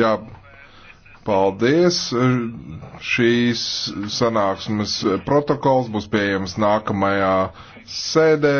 Jā, paldies. Šīs sanāksmes protokols būs pieejams nākamajā sēdē.